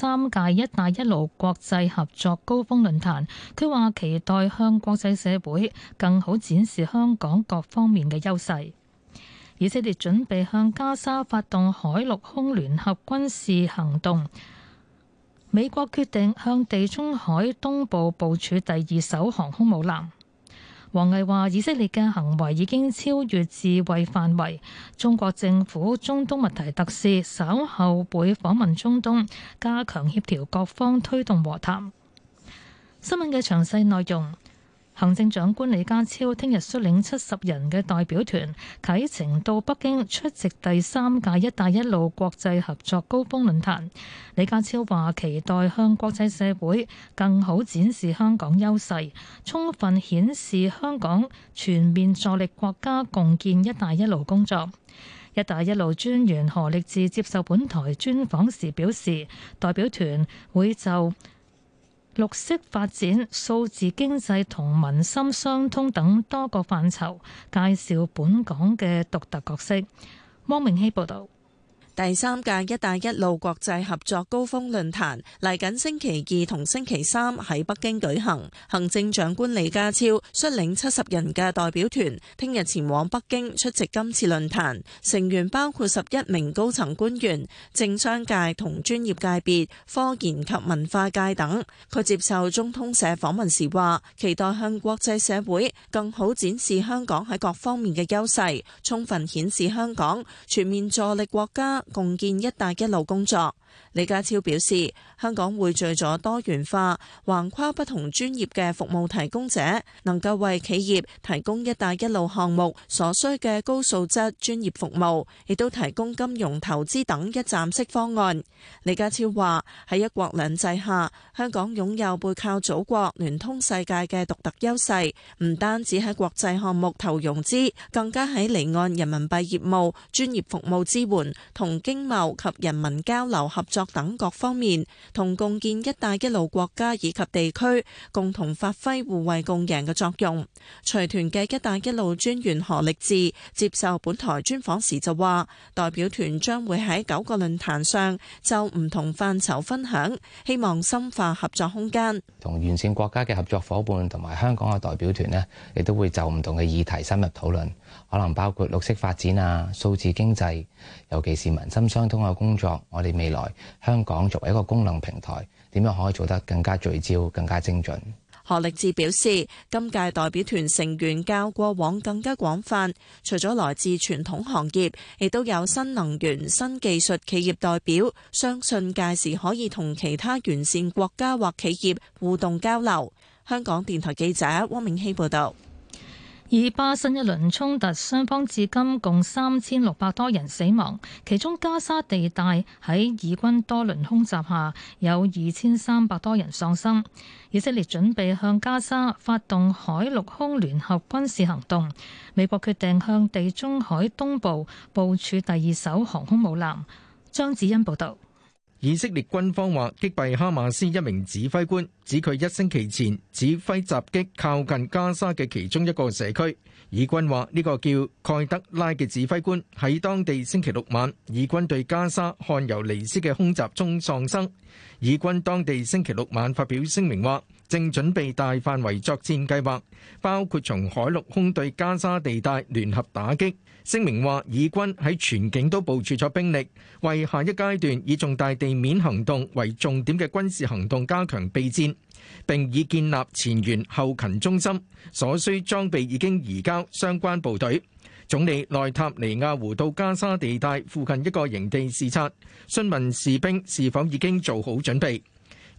三屆“一帶一路”國際合作高峰論壇，佢話期待向國際社會更好展示香港各方面嘅優勢。以色列準備向加沙發動海陸空聯合軍事行動。美國決定向地中海東部部署第二艘航空母艦。王毅話：以色列嘅行為已經超越智慧範圍。中國政府中東問題特使稍後會訪問中東，加強協調各方，推動和談。新聞嘅詳細內容。行政長官李家超聽日率領七十人嘅代表團啟程到北京出席第三屆「一帶一路」國際合作高峰論壇。李家超話：期待向國際社會更好展示香港優勢，充分顯示香港全面助力國家共建「一帶一路」工作。「一帶一路」專員何力智接受本台專訪時表示，代表團會就綠色發展、數字經濟同民心相通等多個範疇，介紹本港嘅獨特角色。汪明熙報導。第三屆「一帶一路」國際合作高峰論壇嚟緊星期二同星期三喺北京舉行。行政長官李家超率領七十人嘅代表團，聽日前往北京出席今次論壇。成員包括十一名高層官員、政商界同專業界別、科研及文化界等。佢接受中通社訪問時話：「期待向國際社會更好展示香港喺各方面嘅優勢，充分顯示香港全面助力國家。」共建“一帶一路”工作。李家超表示，香港匯聚咗多元化、橫跨不同專業嘅服務提供者，能夠為企業提供一帶一路項目所需嘅高素質專業服務，亦都提供金融投資等一站式方案。李家超話，喺一國兩制下，香港擁有背靠祖國、聯通世界嘅獨特優勢，唔單止喺國際項目投融資，更加喺離岸人民幣業務、專業服務支援同經貿及人民交流合作等各方面，同共建“一帶一路”國家以及地區共同發揮互惠共贏嘅作用。隨團嘅“一帶一路”專員何力志接受本台專訪時就話，代表團將會喺九個論壇上就唔同範疇分享，希望深化合作空間，同沿線國家嘅合作伙伴同埋香港嘅代表團呢亦都會就唔同嘅議題深入討論。可能包括綠色發展啊、數字經濟，尤其是民心相通嘅工作，我哋未來香港作為一個功能平台，點樣可以做得更加聚焦、更加精準？何力志表示，今屆代表團成員較過往更加廣泛，除咗來自傳統行業，亦都有新能源、新技術企業代表，相信屆時可以同其他完善國家或企業互動交流。香港電台記者汪明希報道。以巴新一輪衝突，雙方至今共三千六百多人死亡，其中加沙地帶喺以軍多輪空襲下有二千三百多人喪生。以色列準備向加沙發動海陸空聯合軍事行動。美國決定向地中海東部部署第二艘航空母艦。張子欣報導。以色列軍方話擊斃哈馬斯一名指揮官，指佢一星期前指揮襲擊靠近加沙嘅其中一個社區。以軍話呢個叫蓋德拉嘅指揮官喺當地星期六晚，以軍對加沙汗尤尼斯嘅空襲中喪生。以軍當地星期六晚發表聲明話，正準備大範圍作戰計劃，包括從海陸空對加沙地帶聯合打擊。聲明話，以軍喺全境都部署咗兵力，為下一階段以重大地面行動為重點嘅軍事行動加強備戰。並已建立前沿後勤中心，所需裝備已經移交相關部隊。總理內塔尼亞胡到加沙地帶附近一個營地視察，詢問士兵是否已經做好準備。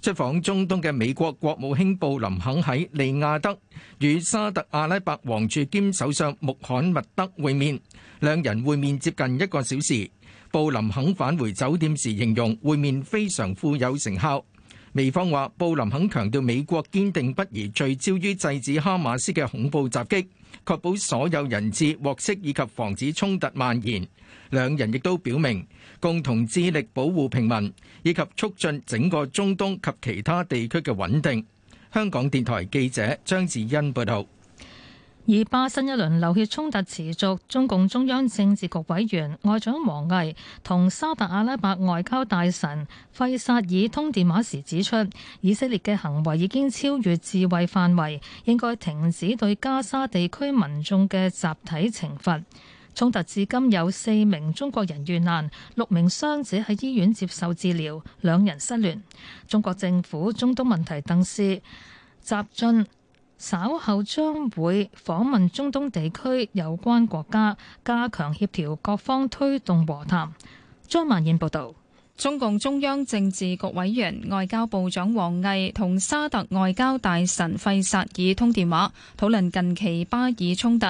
出訪中東嘅美國國務卿布林肯喺利雅得與沙特阿拉伯王儲兼首相穆罕默德會面，兩人會面接近一個小時。布林肯返回酒店時形容會面非常富有成效。美方話布林肯強調美國堅定不移聚焦於制止哈馬斯嘅恐怖襲擊。確保所有人質獲釋以及防止衝突蔓延，兩人亦都表明共同致力保護平民以及促進整個中東及其他地區嘅穩定。香港電台記者張智欣報道。以巴新一輪流血衝突持續，中共中央政治局委員外長王毅同沙特阿拉伯外交大臣費薩爾通電話時指出，以色列嘅行為已經超越自衛範圍，應該停止對加沙地區民眾嘅集體懲罰。衝突至今有四名中國人遇難，六名傷者喺醫院接受治療，兩人失聯。中國政府中東問題特使習進稍後將會訪問中東地區有關國家，加強協調各方，推動和談。張曼燕報導，中共中央政治局委員、外交部長王毅同沙特外交大臣費薩爾通電話，討論近期巴以衝突。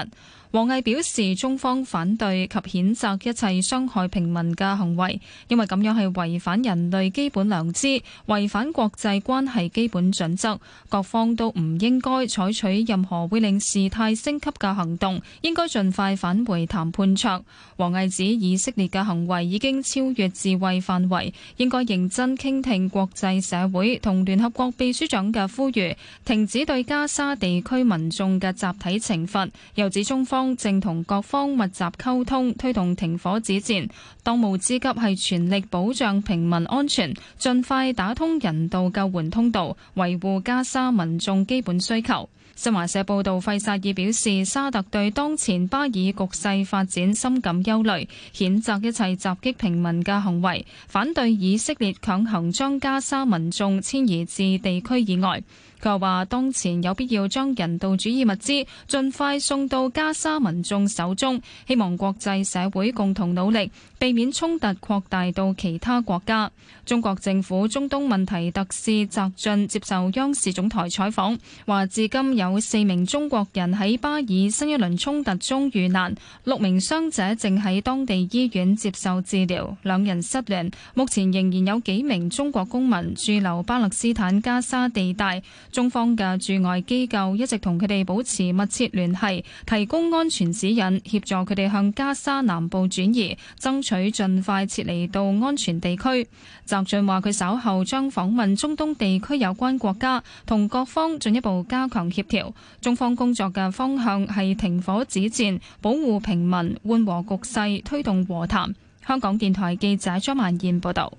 王毅表示，中方反對及譴責一切傷害平民嘅行為，因為咁樣係違反人類基本良知、違反國際關係基本準則，各方都唔應該採取任何會令事態升級嘅行動，應該盡快返回談判桌。王毅指，以色列嘅行為已經超越自衛範圍，應該認真傾聽國際社會同聯合國秘書長嘅呼籲，停止對加沙地區民眾嘅集體懲罰，又指中方。方正同各方密集溝通，推動停火止戰。當務之急係全力保障平民安全，盡快打通人道救援通道，維護加沙民眾基本需求。新華社報道，費薩爾表示，沙特對當前巴以局勢發展深感憂慮，譴責一切襲擊平民嘅行為，反對以色列強行將加沙民眾遷移至地區以外。佢話：當前有必要將人道主義物資盡快送到加沙民眾手中，希望國際社會共同努力，避免衝突擴大到其他國家。中國政府中東問題特使翟俊接受央視總台採訪，話至今有四名中國人喺巴以新一輪衝突中遇難，六名傷者正喺當地醫院接受治療，兩人失聯。目前仍然有幾名中國公民駐留巴勒斯坦加沙地帶。中方嘅駐外機構一直同佢哋保持密切聯繫，提供安全指引，協助佢哋向加沙南部轉移，爭取盡快撤離到安全地區。翟俊話，佢稍後將訪問中東地區有關國家，同各方進一步加強協調，中方工作嘅方向係停火止戰，保護平民、緩和局勢，推動和談。香港電台記者張曼燕報道。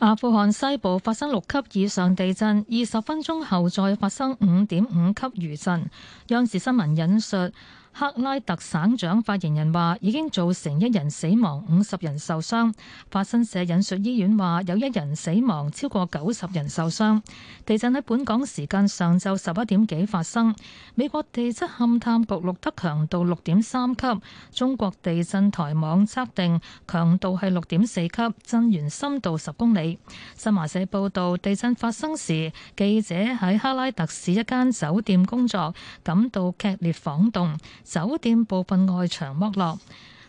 阿富汗西部發生六級以上地震，二十分鐘後再發生五點五級餘震。央視新聞引述。赫拉特省長發言人話，已經造成一人死亡，五十人受傷。法新社引述醫院話，有一人死亡，超過九十人受傷。地震喺本港時間上晝十一點幾發生。美國地質勘探局錄得強度六點三級，中國地震台網測定強度係六點四級，震源深度十公里。新華社報道，地震發生時，記者喺赫拉特市一間酒店工作，感到劇烈晃動。酒店部分外牆剝落。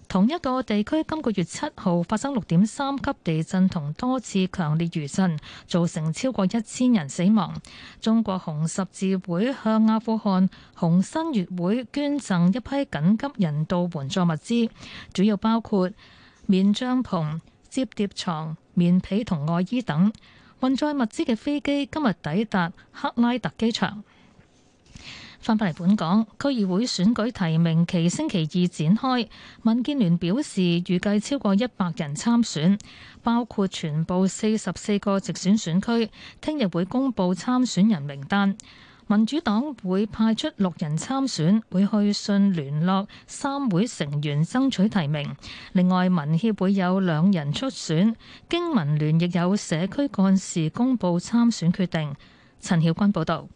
同一個地區今個月七號發生六點三級地震同多次強烈餘震，造成超過一千人死亡。中國紅十字會向阿富汗紅新月會捐贈一批緊急人道援助物資，主要包括棉帳篷、折疊床棉被同外衣等。運載物資嘅飛機今日抵達克拉特機場。翻返嚟本港，區議會選舉提名期星期二展開。民建聯表示預計超過一百人參選，包括全部四十四個直選選區。聽日會公布參選人名單。民主黨會派出六人參選，會去信聯絡三會成員爭取提名。另外，民協會有兩人出選，經民聯亦有社區幹事公布參選決定。陳曉君報道。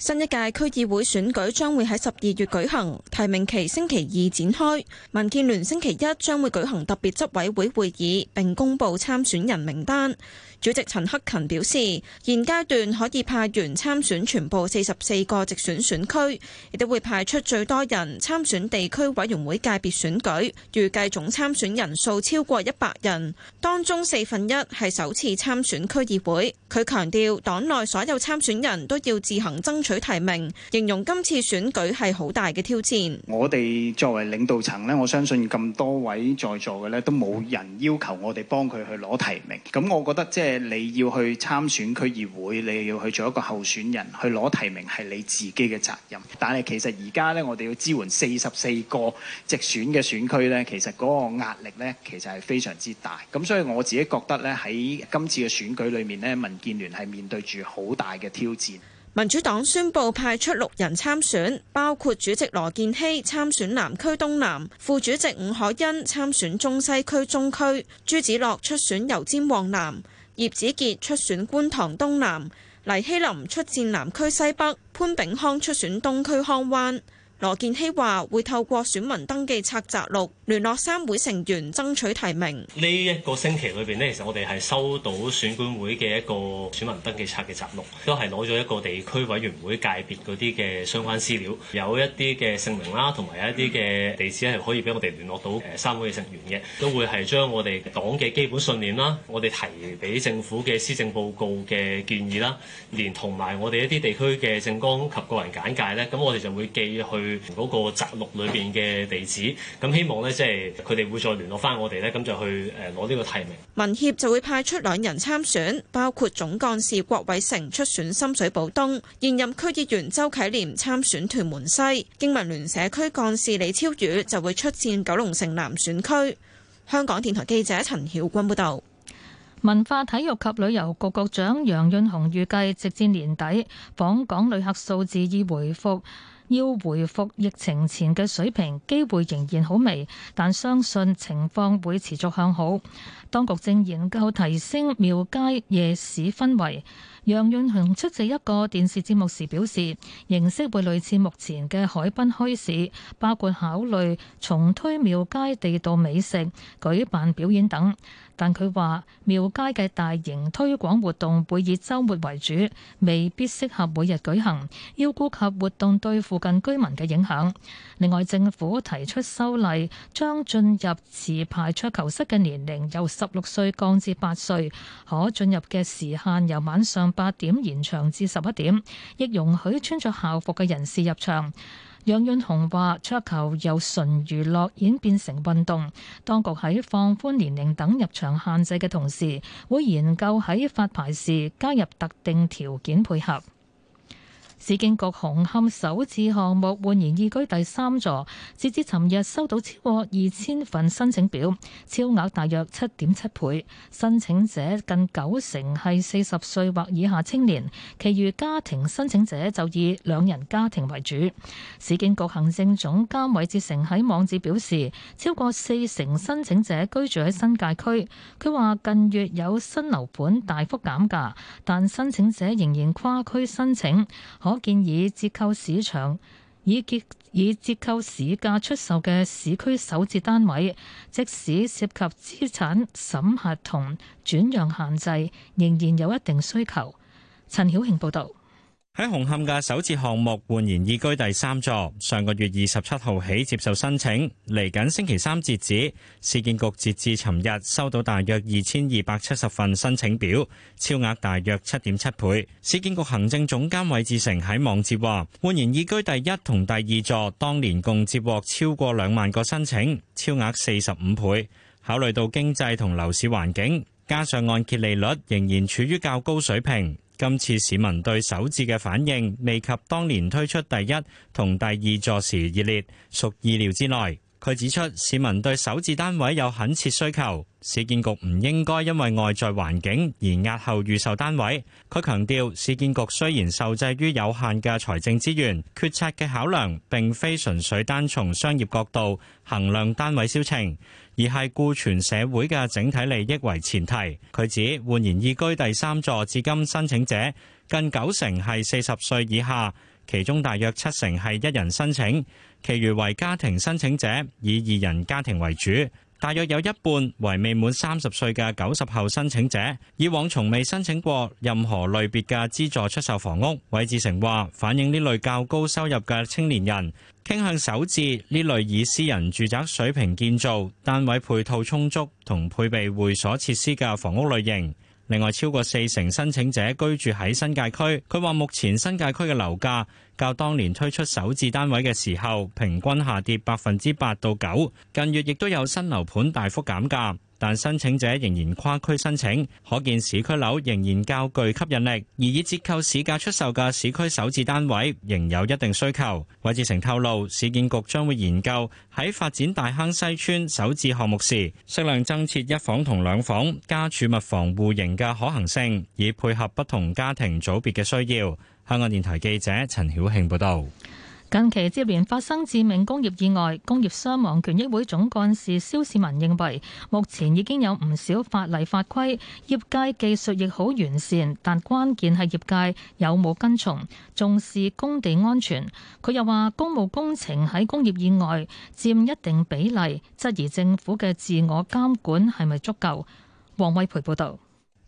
新一屆區議會選舉將會喺十二月舉行，提名期星期二展開。民建聯星期一將會舉行特別執委會會議，並公布參選人名單。主席陳克勤表示，現階段可以派員參選全部四十四個直選選區，亦都會派出最多人參選地區委員會界別選舉，預計總參選人數超過一百人，當中四分一係首次參選區議會。佢強調，黨內所有參選人都要自行爭取提名，形容今次選舉係好大嘅挑戰。我哋作為領導層咧，我相信咁多位在座嘅咧，都冇人要求我哋幫佢去攞提名。咁我覺得即係。你要去參選區議會，你要去做一個候選人去攞提名，係你自己嘅責任。但係其實而家呢，我哋要支援四十四個直選嘅選區呢，其實嗰個壓力呢，其實係非常之大。咁所以我自己覺得呢，喺今次嘅選舉裏面呢，民建聯係面對住好大嘅挑戰。民主黨宣布派出六人參選，包括主席羅健熙參選南區東南，副主席伍可欣參選中西區中區，朱子樂出選油尖旺南。葉子杰出選觀塘東南，黎希林出戰南區西北，潘炳康出選東區康灣，羅建熙話會透過選民登記冊摘錄。聯絡三會成員爭取提名。呢一個星期裏面呢，其實我哋係收到選管會嘅一個選民登記冊嘅摘錄，都係攞咗一個地區委員會界別嗰啲嘅相關資料，有一啲嘅姓名啦，同埋有一啲嘅地址咧，係可以俾我哋聯絡到誒三會嘅成員嘅，都會係將我哋黨嘅基本信念啦，我哋提俾政府嘅施政報告嘅建議啦，連同埋我哋一啲地區嘅政綱及個人簡介呢。咁我哋就會寄去嗰個摘錄裏面嘅地址，咁希望呢。即係佢哋會再聯絡翻我哋呢，咁就去誒攞呢個提名。民協就會派出兩人參選，包括總幹事郭偉成出選深水埗東，現任區議員周啟廉參選屯門西，經民聯社區幹事李超宇就會出戰九龍城南選區。香港電台記者陳曉君報導。文化體育及旅遊局局，局長楊潤雄預計，直至年底，訪港旅客數字已回復。要回復疫情前嘅水平，機會仍然好微，但相信情況會持續向好。當局正研究提升廟街夜市氛圍。楊潤雄出席一個電視節目時表示，形式會類似目前嘅海濱墟市，包括考慮重推廟街地道美食、舉辦表演等。但佢話，廟街嘅大型推廣活動會以週末為主，未必適合每日舉行，要顧及活動對附近居民嘅影響。另外，政府提出修例，將進入持牌桌球室嘅年齡由十六歲降至八歲，可進入嘅時限由晚上八點延長至十一點，亦容許穿着校服嘅人士入場。楊潤雄話：桌球由純娛樂演變成運動，當局喺放寬年齡等入場限制嘅同時，會研究喺發牌時加入特定條件配合。市建局紅磡首次項目煥然懿居第三座，截至尋日收到超過二千份申請表，超額大約七點七倍。申請者近九成係四十歲或以下青年，其餘家庭申請者就以兩人家庭為主。市建局行政總監韋志成喺網誌表示，超過四成申請者居住喺新界區。佢話近月有新樓盤大幅減價，但申請者仍然跨區申請。可建議折扣市場以結以折扣市價出售嘅市區首置單位，即使涉及資產審核同轉讓限制，仍然有一定需求。陳曉慶報導。喺紅磡嘅首次項目煥然懿居第三座，上個月二十七號起接受申請，嚟緊星期三截止。市建局截至尋日收到大約二千二百七十份申請表，超額大約七點七倍。市建局行政總監韋志成喺網誌話：煥然懿居第一同第二座當年共接獲超過兩萬個申請，超額四十五倍。考慮到經濟同樓市環境，加上按揭利率仍然處於較高水平。今次市民對首置嘅反應未及當年推出第一同第二座時熱烈，屬意料之內。佢指出，市民對首置單位有懇切需求，市建局唔應該因為外在環境而押後預售單位。佢強調，市建局雖然受制於有限嘅財政資源，決策嘅考量並非純粹單從商業角度衡量單位銷情，而係顧全社會嘅整體利益為前提。佢指，煥然懿居第三座至今申請者近九成係四十歲以下，其中大約七成係一人申請，其餘為家庭申請者，以二人家庭為主。大約有一半為未滿三十歲嘅九十後申請者，以往從未申請過任何類別嘅資助出售房屋。韋志成話，反映呢類較高收入嘅青年人，傾向首置呢類以私人住宅水平建造、單位配套充足同配備會所設施嘅房屋類型。另外，超過四成申請者居住喺新界區。佢話，目前新界區嘅樓價較當年推出首置單位嘅時候平均下跌百分之八到九，近月亦都有新樓盤大幅減價。但申請者仍然跨區申請，可見市區樓仍然較具吸引力。而以折扣市價出售嘅市區首置單位仍有一定需求。韋志成透露，市建局將會研究喺發展大坑西村首置項目時，適量增設一房同兩房加儲物房戶型嘅可行性，以配合不同家庭組別嘅需要。香港電台記者陳曉慶報道。近期接連發生致命工業意外，工業傷亡權益會總幹事蕭市民認為，目前已經有唔少法例法規，業界技術亦好完善，但關鍵係業界有冇跟從重視工地安全。佢又話，工務工程喺工業意外佔一定比例，質疑政府嘅自我監管係咪足夠？王偉培報道。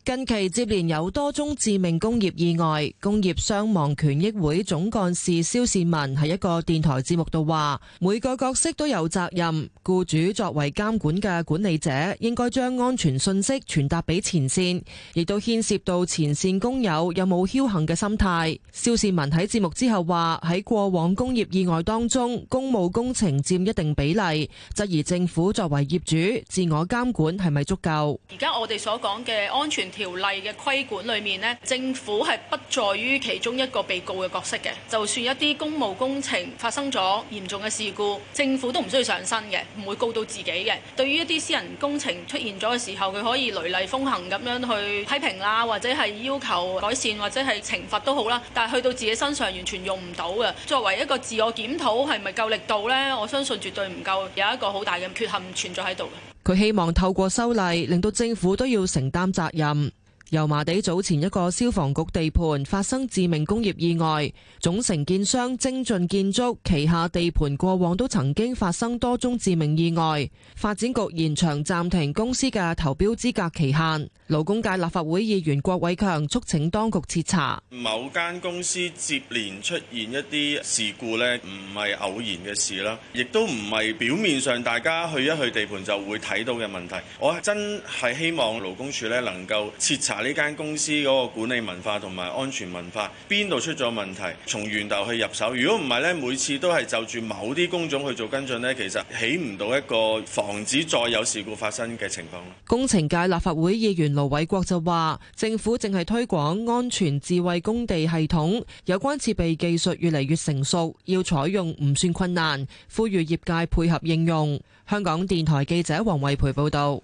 近期接連有多宗致命工業意外，工業傷亡權益會總幹事蕭倩文喺一個電台節目度話：每個角色都有責任，僱主作為監管嘅管理者，應該將安全信息傳達俾前綫，亦都牽涉到前綫工友有冇僥倖嘅心態。蕭倩文喺節目之後話：喺過往工業意外當中，工務工程佔一定比例，質疑政府作為業主自我監管係咪足夠？而家我哋所講嘅安全條例嘅規管裏面呢，政府係不在於其中一個被告嘅角色嘅。就算一啲公務工程發生咗嚴重嘅事故，政府都唔需要上身嘅，唔會告到自己嘅。對於一啲私人工程出現咗嘅時候，佢可以雷厲風行咁樣去批評啦，或者係要求改善，或者係懲罰都好啦。但係去到自己身上，完全用唔到嘅。作為一個自我檢討，係咪夠力度呢？我相信絕對唔夠，有一個好大嘅缺陷存在喺度嘅。佢希望透過修例，令到政府都要承擔責任。油麻地早前一個消防局地盤發生致命工業意外，總承建商精進建築旗下地盤過往都曾經發生多宗致命意外，發展局延長暫停公司嘅投標資格期限。勞工界立法會議員郭偉強促請當局徹查，某間公司接連出現一啲事故咧，唔係偶然嘅事啦，亦都唔係表面上大家去一去地盤就會睇到嘅問題。我真係希望勞工處咧能夠徹查。呢間公司嗰個管理文化同埋安全文化邊度出咗問題？從源頭去入手。如果唔係呢，每次都係就住某啲工種去做跟進呢，其實起唔到一個防止再有事故發生嘅情況。工程界立法會議員盧偉國就話，政府正係推廣安全智慧工地系統，有關設備技術越嚟越成熟，要採用唔算困難，呼籲業界配合應用。香港電台記者黃惠培報道。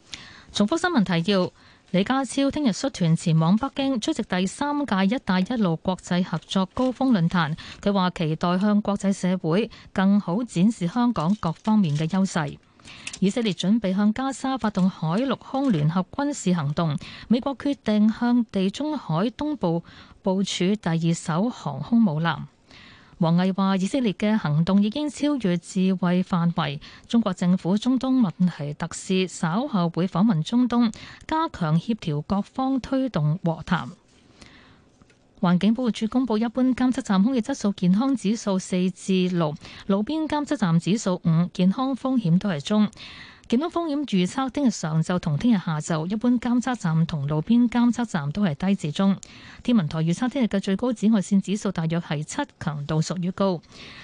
重複新聞提要。李家超聽日率團前往北京出席第三屆“一帶一路”國際合作高峰論壇，佢話期待向國際社會更好展示香港各方面嘅優勢。以色列準備向加沙發動海陸空聯合軍事行動，美國決定向地中海東部部署第二艘航空母艦。王毅話：以色列嘅行動已經超越自衛範圍。中國政府中東問題特使稍後會訪問中東，加強協調各方推動和談。環境保護署公佈一般監測站空氣質素健康指數四至六，路邊監測站指數五，健康風險都係中。健康風險預測：聽日上晝同聽日下晝，一般監測站同路邊監測站都係低至中。天文台預測聽日嘅最高紫外線指數大約係七，強度屬於高。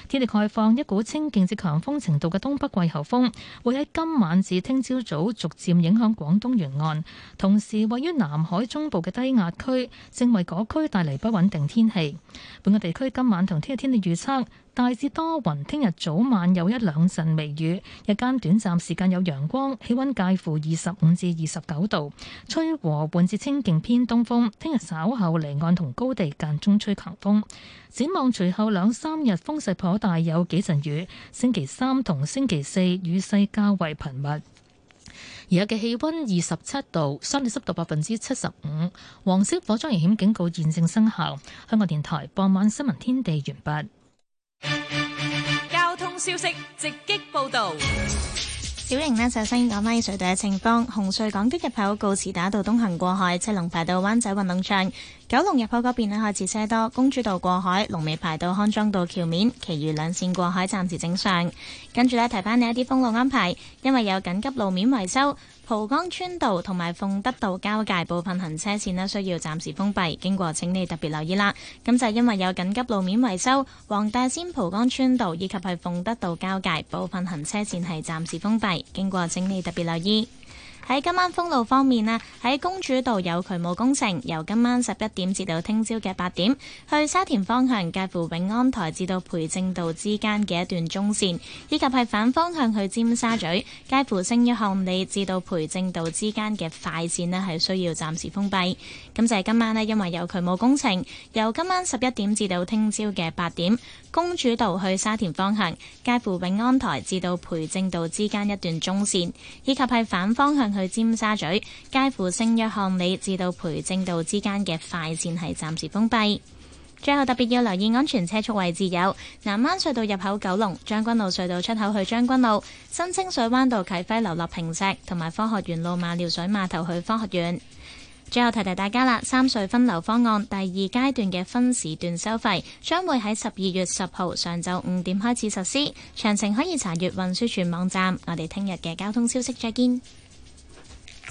天氣概況：一股清勁至強風程度嘅東北季候風會喺今晚至聽朝早早逐漸影響廣東沿岸，同時位於南海中部嘅低壓區正為嗰區帶嚟不穩定天氣。本港地區今晚同聽日天氣預測。大致多雲，聽日早晚有一兩陣微雨，日間短暫時間有陽光，氣溫介乎二十五至二十九度，吹和緩至清勁偏東風。聽日稍後離岸同高地間中吹強風。展望隨後兩三日風勢頗大，有幾陣雨。星期三同星期四雨勢較為頻密。而家嘅氣溫二十七度，相對濕度百分之七十五，黃色火災危險警告現正生效。香港電台傍晚新聞天地完畢。交通消息直擊報道，小瑩呢就先講吓隧道嘅情況，紅隧港島入口告士打道東行過海，車龍排到灣仔運動場。九龍入口嗰邊咧開始車多，公主道過海龍尾排到康莊道橋面，其餘兩線過海暫時正常。跟住咧提翻你一啲封路安排，因為有緊急路面維修，蒲崗村道同埋鳳德道交界部分行車線咧需要暫時封閉，經過請你特別留意啦。咁就因為有緊急路面維修，黃大仙蒲崗村道以及係鳳德道交界部分行車線係暫時封閉，經過請你特別留意。喺今晚封路方面咧，喺公主道有渠務工程，由今晚十一點至到聽朝嘅八點，去沙田方向介乎永安台至到培正道之間嘅一段中線，以及係反方向去尖沙咀介乎聖約翰裏至到培正道之間嘅快線咧，係需要暫時封閉，咁就係今晚咧，因為有渠務工程，由今晚十一點至到聽朝嘅八點公主道去沙田方向介乎永安台至到培正道之間一段中線，以及係反方向。去尖沙咀介乎星約巷里至到培正道之間嘅快線係暫時封閉。最後，特別要留意安全車速位置有南灣隧道入口、九龍將軍路隧道出口去將軍路、新清水灣道啟輝樓落坪石，同埋科學園路馬料水碼頭去科學園。最後提提大家啦，三隧分流方案第二階段嘅分時段收費將會喺十二月十號上晝五點開始實施。詳情可以查閱運輸署網站。我哋聽日嘅交通消息再見。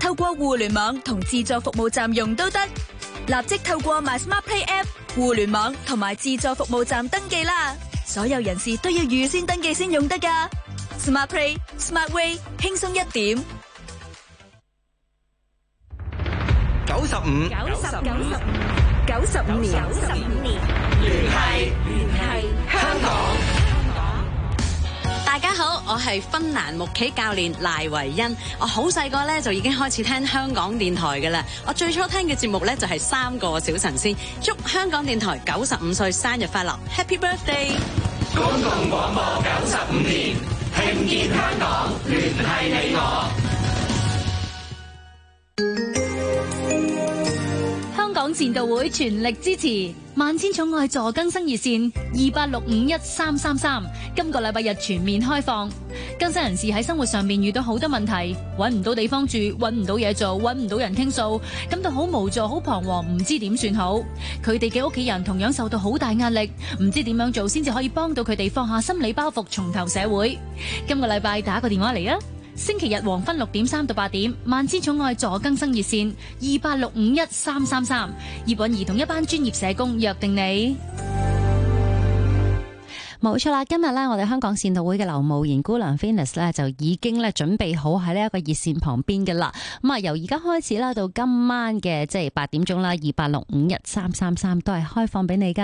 透過互聯網同自助服務站用都得，立即透過 My Smart Play App、互聯網同埋自助服務站登記啦。所有人士都要預先登記先用得㗎。Smart Play、Smart Way，輕鬆一點。九十五，九十五，九十年，九十五年，聯繫，聯繫香港。大家好，我係芬蘭木企教練賴維恩。我好細個咧就已經開始聽香港電台噶啦。我最初聽嘅節目咧就係三個小神仙。祝香港電台九十五歲生日快樂，Happy Birthday！公共廣播九十五年，聽見香港，聯繫你我。善道會全力支持萬千寵愛助更生熱線二八六五一三三三，今個禮拜日全面開放。更生人士喺生活上面遇到好多問題，揾唔到地方住，揾唔到嘢做，揾唔到人傾訴，感到好無助、好彷徨，唔知點算好。佢哋嘅屋企人同樣受到好大壓力，唔知點樣做先至可以幫到佢哋放下心理包袱，重投社會。今個禮拜打個電話嚟啊！星期日黃昏六點三到八點，萬千寵愛助更生熱線二八六五一三三三，葉蘊儀同一班專業社工約定你。冇錯啦，今日咧，我哋香港善道會嘅劉慕然姑娘 Finnis 咧就已經咧準備好喺呢一個熱線旁邊嘅啦。咁啊，由而家開始啦，到今晚嘅即係八點鐘啦，二八六五一三三三都係開放俾你噶。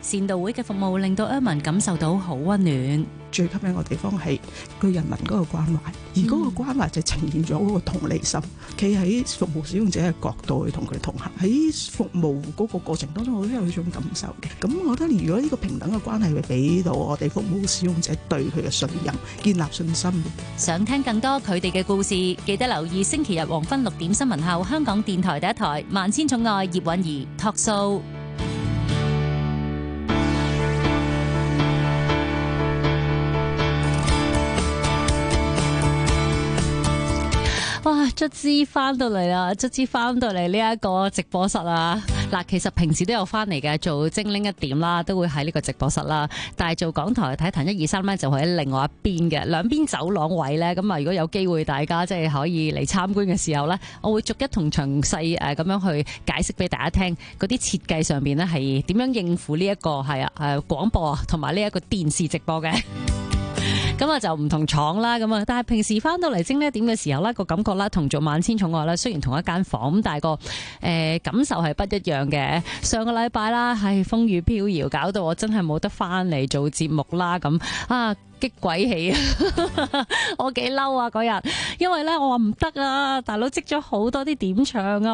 善道會嘅服務令到 Erman 感受到好溫暖。最吸引我嘅地方係佢人民嗰個關懷，而嗰個關懷就呈現咗嗰個同理心，企喺、嗯、服務使用者嘅角度去同佢同行。喺服務嗰個過程當中，我都有呢種感受嘅。咁我覺得如果呢個平等嘅關係會俾到。嗯我哋服務使用者對佢嘅信任，建立信心。想聽更多佢哋嘅故事，記得留意星期日黃昏六點新聞後，香港電台第一台《萬千寵愛葉韻儀》Talk Show。哇！卒之翻到嚟啦，卒之翻到嚟呢一個直播室啊！嗱，其實平時都有翻嚟嘅，做精靈一點啦，都會喺呢個直播室啦。但係做港台睇台一二三咧，就喺另外一邊嘅兩邊走廊位咧。咁啊，如果有機會大家即係、就是、可以嚟參觀嘅時候咧，我會逐一同詳細誒咁樣去解釋俾大家聽嗰啲設計上邊咧係點樣應付呢一個係啊誒廣播同埋呢一個電視直播嘅。咁啊就唔同廠啦，咁啊，但係平時翻到嚟蒸呢點嘅時候呢個感覺啦同做萬千寵愛啦，雖然同一間房，咁但係個誒感受係不一樣嘅。上個禮拜啦，係風雨飄搖，搞到我真係冇得翻嚟做節目啦，咁啊激鬼氣 啊，我幾嬲啊嗰日，因為咧我話唔得啊，大佬積咗好多啲點唱啊。